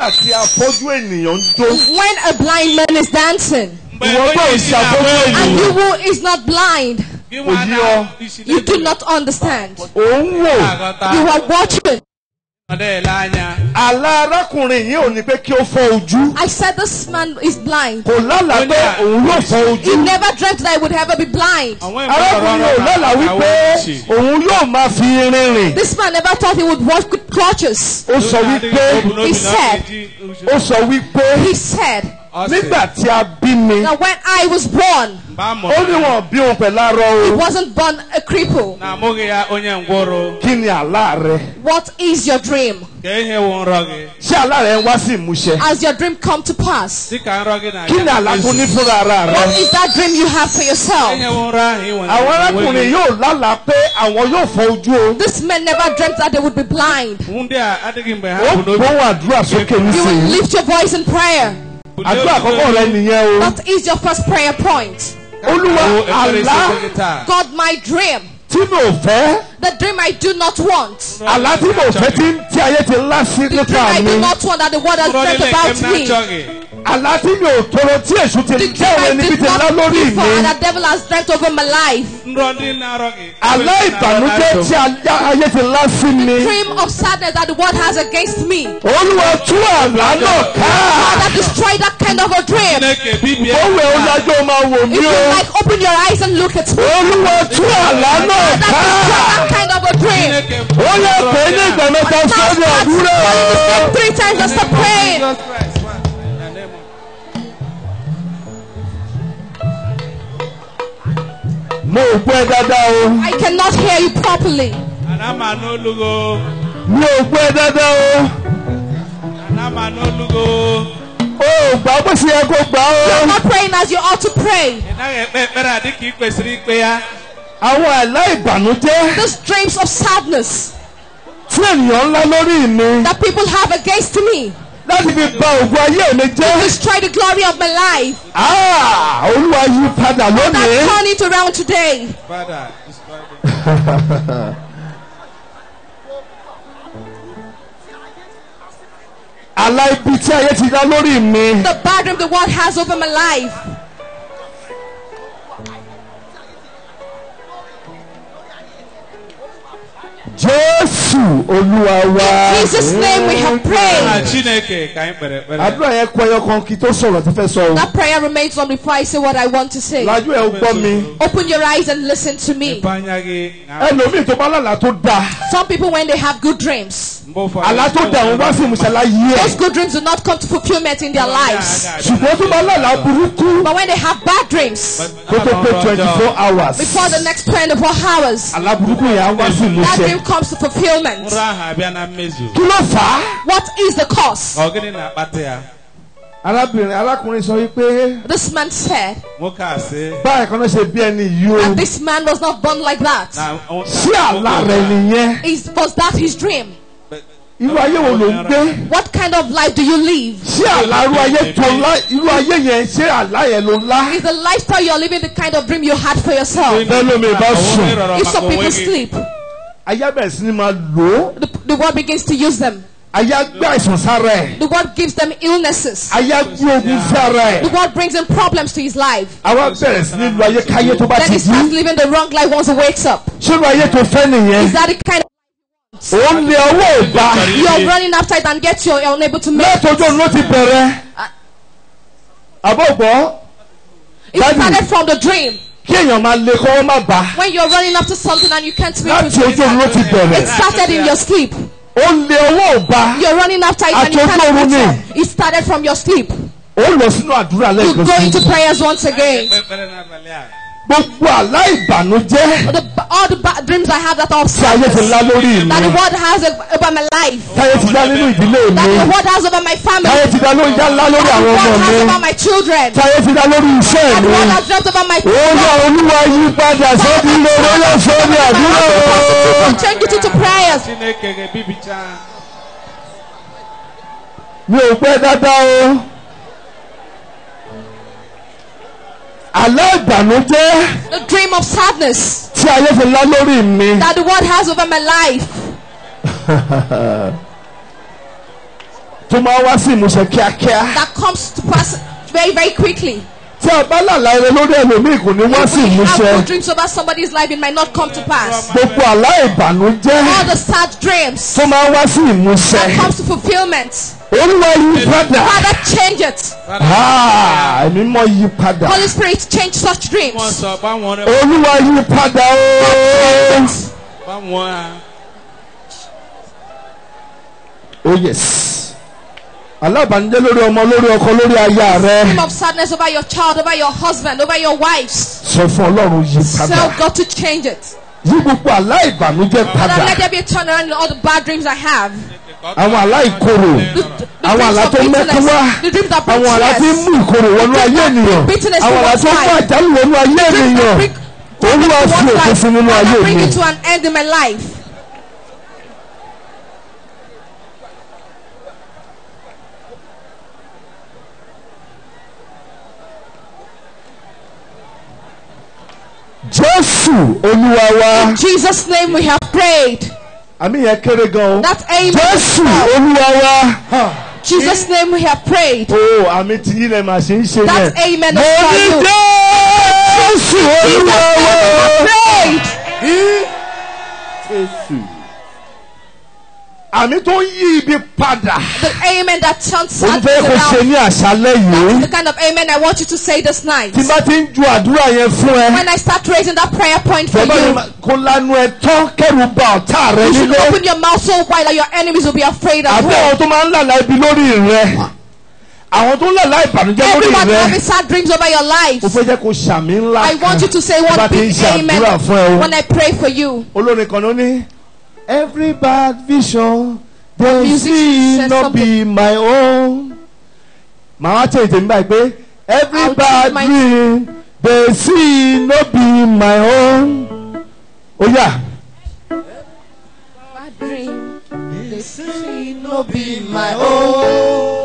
when a blind man is dancing. and you who is not blind. you do not understand. you are watching. Àlá arákùnrin yìí ò ní pé kí ó fọ ojú. I said this man is blind. Kò pé òun yóò fọ ojú. He never dreamt that he would ever be blind. Arákùnrin yóò wípé òun yóò máa fi irin rìn. This man never thought he would walk with crutches. Ó sọ wípé. He said. Ó sọ wípé. He said. Now a bí mi. na when I was born. ó ní wọn bí òun pẹ̀lú arọ o. he wasn't born a cripple. na amóge ya onye ngwọrọ. kí ni àlá rẹ. what is your dream. As ihe wo gị. ṣé àlá rẹ ń wá sí ìmúṣẹ. has your dream come to pass. gị kí ni àlá ní fúnra ara rẹ. what is that dream you have for yourself. àwọn arákùnrin yóò lálàá pé àwọn yóò fọ ojú o. this man never dreamt that they would be blind. a ó àdúrà sókè nísìnyí. you will lift your voice in prayer àdúrà àkọ́kọ́ rẹ nìyẹn o. that is your first prayer point. olúwa àlá. God my dream. tí mo fẹ́. the dream I do not want. àlá tí mo fẹ́ tí ayé ti ńlá aye ti mi. the dream I do not want that the world has said about me àlá tí mi ò tọrọ tí èṣù ti jẹ́ òun níbi ti lá lórí mi. the dream I not before that devil has dreamt over my life. àlá ìbànújẹ́ tí ayé ti lá sí mi. the dream of sadness that the world has against me. olúwa tú àlá náà ká. Father destroy that kind of a dream. òwe olájọ́ máa wò mí o. if you like open your eyes and look at me. olúwa tú àlá náà ká. Father destroy that kind of a dream. ó yẹ pé ní ìgbà mẹ́ta sọ́dọ̀ àdúrà. three times just to pray. Mo gbọ́ ẹ dáadáa o. I cannot hear you properly. Àlámà ló lúgo. Mi ò gbọ́ ẹ dáadáa o. Àlámà ló lúgo. O ò gbà bó ṣe yẹ kó gbà o. You are not praying as you ought to pray. Ìdáhùn ẹ̀pẹ́ ìpẹ́rẹ́ àdí kìí pèsè ní pé ya. Àwọn aláìbànújẹ́. Those dreams of sadness. Tí ènìyàn ńlá lórí mi. That people have against me láti fi bà ògo destroy the glory of my life. ah are you, father? Lord, I turn it around today. Father destroy it. aláìbí tí ayé ti dá lórí mi. the burden the world has over my life. In Jesus name we have prayed. That prayer remains on before I say what I want to say. Open your eyes and listen to me. Some people when they have good dreams àlá tó wá sí those good dreams do not come to fulfilment in their lives. ṣùgbọ́n tó máa burúkú. but when they have bad dreams. kó pé twenty four hours. before the next twenty four hours. àlá burúkú wá sí that dream comes to fulfilment. kí ló fà á. what is the cause. ọ̀gẹ́ni pàtẹ́ ya. arábìnrin arákùnrin sọ wípé. this man said. mo kà sí. báyìí kan náà ṣe bí ẹni and this man was not born like that. ṣé àlá rẹ̀ nìyẹn. was that his dream irú ayé wo ló ń gbé. what kind of life do you live. ṣé ayé tó irú ayé yẹn ṣé àlá yẹn ló is the lifestyle you are living the kind of dream you had for yourself. bẹ́ẹ̀ mi bá sùn. if some people sleep. ayé bẹ̀rẹ̀ sí ni máa lò ó. the world begins to use them. Aya gbé àìsàn sára ẹ̀. The word gives them illnesses. Aya gbé ogun sára ẹ̀. The word brings in problems to his life. Àwa bẹ̀rẹ̀ sí ní lu ayé káyé tó bá ti dùn. Then he starts living the wrong life once he wakes up. Ṣé lu ayé tó fẹ́ nìyẹn? Is that the kind of ó ń way ọwọ́ ìbá. you are running after it and get your unable to make. it. ló ti bẹ̀rẹ̀. àbọ̀gbọ́. it started from the dream. when you are running after something and you can't make it. it started in your sleep. ó ń way ọwọ́ ìbá. you are running after it and you can't make it. it started from your sleep. ó you go into prayers once again. Gbogbo àlá ìbànújẹ́. all the bad dreams I have that are of Ṣayé ti lá lórí mi. That the word has over my life. Ṣayé ti lá nínú ìdílé mi. That the word has over my family. Ṣayé ti lá lórí ìdálá lórí àwọn ọmọ mi. That the word has over my children. Ṣayé ti lá lórí iṣẹ́ mi. That the word has dreamt over my children. Ó yà olúwa yí padà sóbi àdúrà Change it into prayers. Mi ò pẹ́ dáadáa o. Àlá ìbànújẹ́. The dream of sadness. Tí ayé fi lá lórí mi. That the world has over my life. Tó máa wá sí ìmúṣẹ kíákíá. That comes to pass very very quickly. Tí a bá làlá rẹ lórí ẹlòmíì kò ní wá sí ìmúṣẹ. If we have good dreams over somebody's life it might not come to pass. Gbogbo àlá ìbànújẹ́. All the sad dreams. Tó máa wá sí ìmúṣẹ. That comes to fulfilment olúwa yí padà. father change it. Ah, ẹni mọ yí padà. holy spirit change such dreams. olúwa yí padà ooo. oh yes. alábànújẹ́ lórí ọmọ lórí ọkọ lórí aya rẹ. of sadness over your child over your husband over your wives. sọ for ọlọ́run yí padà. tell got to change it. You yí gbogbo aláìbànújẹ́ padà. father let there be a turnaround in all the bad dreams I have àwọn want àwọn tó mẹ́kún àwọn tó an ìkorò wọnú ayé ènìyàn àwọn mú àjálù wọnú ayé ènìyàn olúwa òkú fún nínú ayé mi. In Jesus' name we have prayed àmì yẹn kéré gan o. that aim Jésù Olúwa wa. Jesus name we have prayed. Oh, I mean, yín lè máa ṣe ń that amen Jesus name we have prayed àmì tó ń yí ibi padà. the amen that turns out to be loud. olùfẹ́ kò ní àṣálẹ́ yìí. that is the kind of amen I want you to say this night. tí bá ti ń ju àdúrà yẹn fún ẹ. when I start raising that prayer point for you. kò lanu ẹ tán kẹrù bá ọ̀tá rẹ nílé. you should open your mouth so wide that your enemies will be afraid of you. àbẹ́ àwọn tó máa ń lànà ibi lórí rẹ àwọn tó ń lọ láì bànújẹ́ lórí rẹ. everyone having sad dreams over your life. o fẹ́ jẹ́ kó ṣàmì ńlá kan. I want you to say one big amen when I pray for you. olórin kan ló ní. Every bad vision they see no be my own. Màá wá tètè mi báyìí pé every bad dream they see no be my own. Oh yeah. Bad dream they see no be my own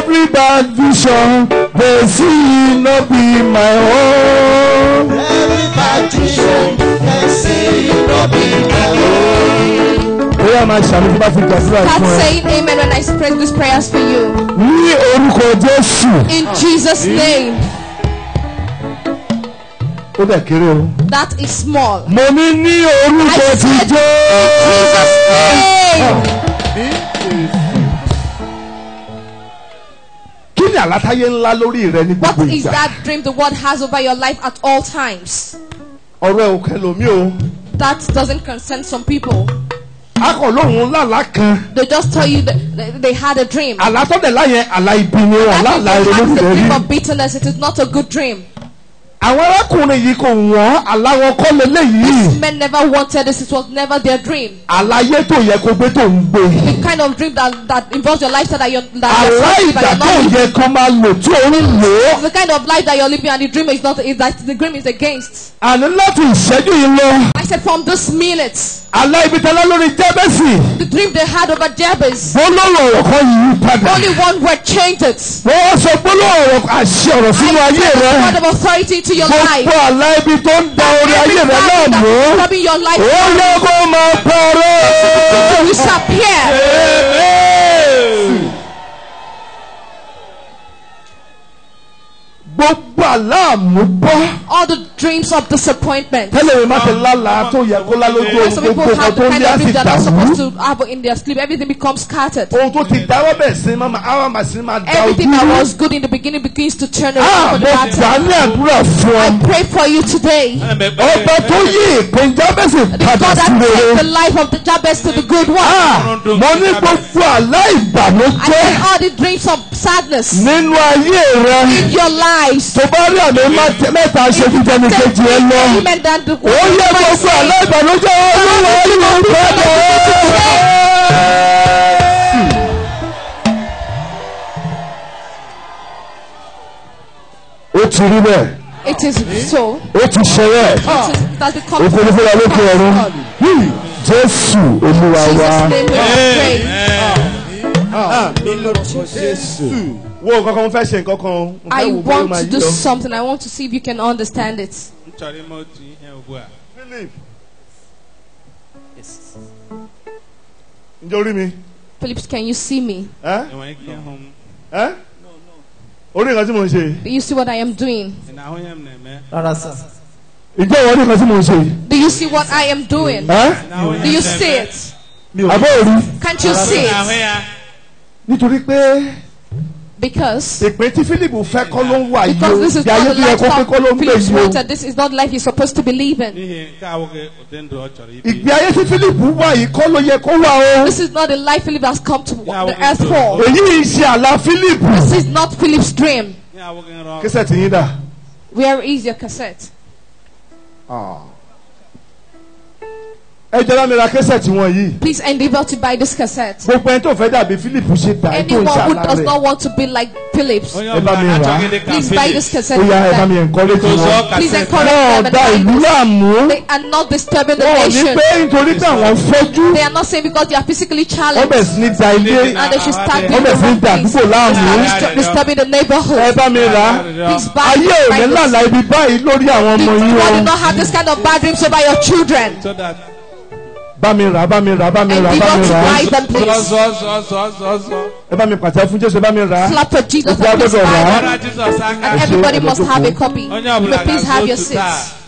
every bad vision they see no be my own. every bad vision they see no be my own. Prayer man ṣàmì tí bá fi gbàdúrà fún ẹ. Start saying amen when I pray these prayers for you. Ní orúkọ Jésù. In Jesus' name. Ó dẹ̀ kéré o. That is small. Mo ní ní orúkọ ti jẹ́. I said in Jesus' name. Oh. ńlá lórí rẹ ní gbogbo ìgbà. What is that dream the world has over your life at all times? ọ̀rọ̀ o. That doesn't concern some people. lálá kan. they just tell you that they had a dream. àlá tó láyẹn àlá ibi ni wọn àlá ìrònú rẹ̀ rí. that is a dream of bitterness it is not a good dream àwọn arákùnrin yìí kò wọ́n aláwọ̀ kọ́lé léyìí. these men never wanted this it was never their dream. àlàyé tó yẹ kó gbé tó ń gbé. the kind of dream that that involves your lifestyle that you're that you're you're not living. yẹ kó máa lò tí o ń lò. it's the kind of life that you're living and the dream is not is that the dream is against. àní láti ìṣẹ́jú yìí lọ. I said from this minute. àlá ibi tẹ́lẹ̀ lórí jẹ́bẹ̀sì. the dream they had over Jabez. gbólóhùn ọ̀rọ̀ yìí padà. only one word changed it. wọ́n sọ gbólóhùn ọ̀rọ̀ àṣẹ ọ̀rọ̀ sínú ayé rẹ. I said the word of authority into your life. gbogbo àlá ibi tó ń da orí ayé rẹ náà mú. ó yẹ kó máa parẹ́. you shall appear. gbogbo. All the dreams of disappointment. Tẹ́lẹ̀ mi máa tó yẹ kó lálójú oorun tó Everything becomes scattered. Everything that was good in the beginning begins to turn around ah, for the pray for you today. The God that takes the life of the Jabez to the good one. Ah, I say all the dreams of sadness. In your lives. bá rí àmì mẹ́ta ṣe fi jẹni kejì ẹ lọ. ó yẹ gbogbo àlọ́ ìbànújẹ́ olúwa olúwa ń ó ti rí bẹ́ẹ̀. it is so. ó ti ṣẹlẹ̀. òfurufúra ló fi ọ̀run. jésù olúwa wa. Ah. Ah. Ah. jésù. I want to do something I want to see if you can understand it. Philip. yes. orí mi. Philip can you see me. ẹ Huh? orí nǹkan tí Do you see what I am doing. Eh? Do you see what I am doing. ẹ. Do you eh? see it. àbọ̀ òru. Can't you see it. Because. Because this is not the life you Philip wanted. This is not life he's supposed to believe in. This is not the life Philip has come to the earth for. This is not Philip's dream. Where is your cassette? Ah ẹ jẹ́ lámìíra kẹsẹ̀tì wọn yìí. please endeavour to buy this cassette. gbogbo ẹni tó fẹ́ dàbí Philip ṣe tà ẹ tó anyone who does not want to be like Philip. ẹ bá mi rà please buy this cassette. oya ẹ bá mi encourage wọn. please encourage them and buy this. ọ̀dà ìlú àmú. they are not disturbing the nation. wọ́n ní pé nítorí pé àwọn fẹ́jú. they are not saying because they are physically challenged. ọbẹ̀ sí ní da ilé. and they should start doing the wrong things. ọbẹ̀ sí ní da àdúgbò láàmú. disturbing the neighborhood. ẹ bá mi rà á. please buy this. ayé òní làlà ibi báyìí lórí àwọn ọmọ yín o. you do not have this kind of bad dreams over your children. bá mi rà bá mi rà bá mi ẹ bá mi pàtẹ fún Jésù ẹ bá mi rà clap for Jesus and everybody must have a copy please have your seats.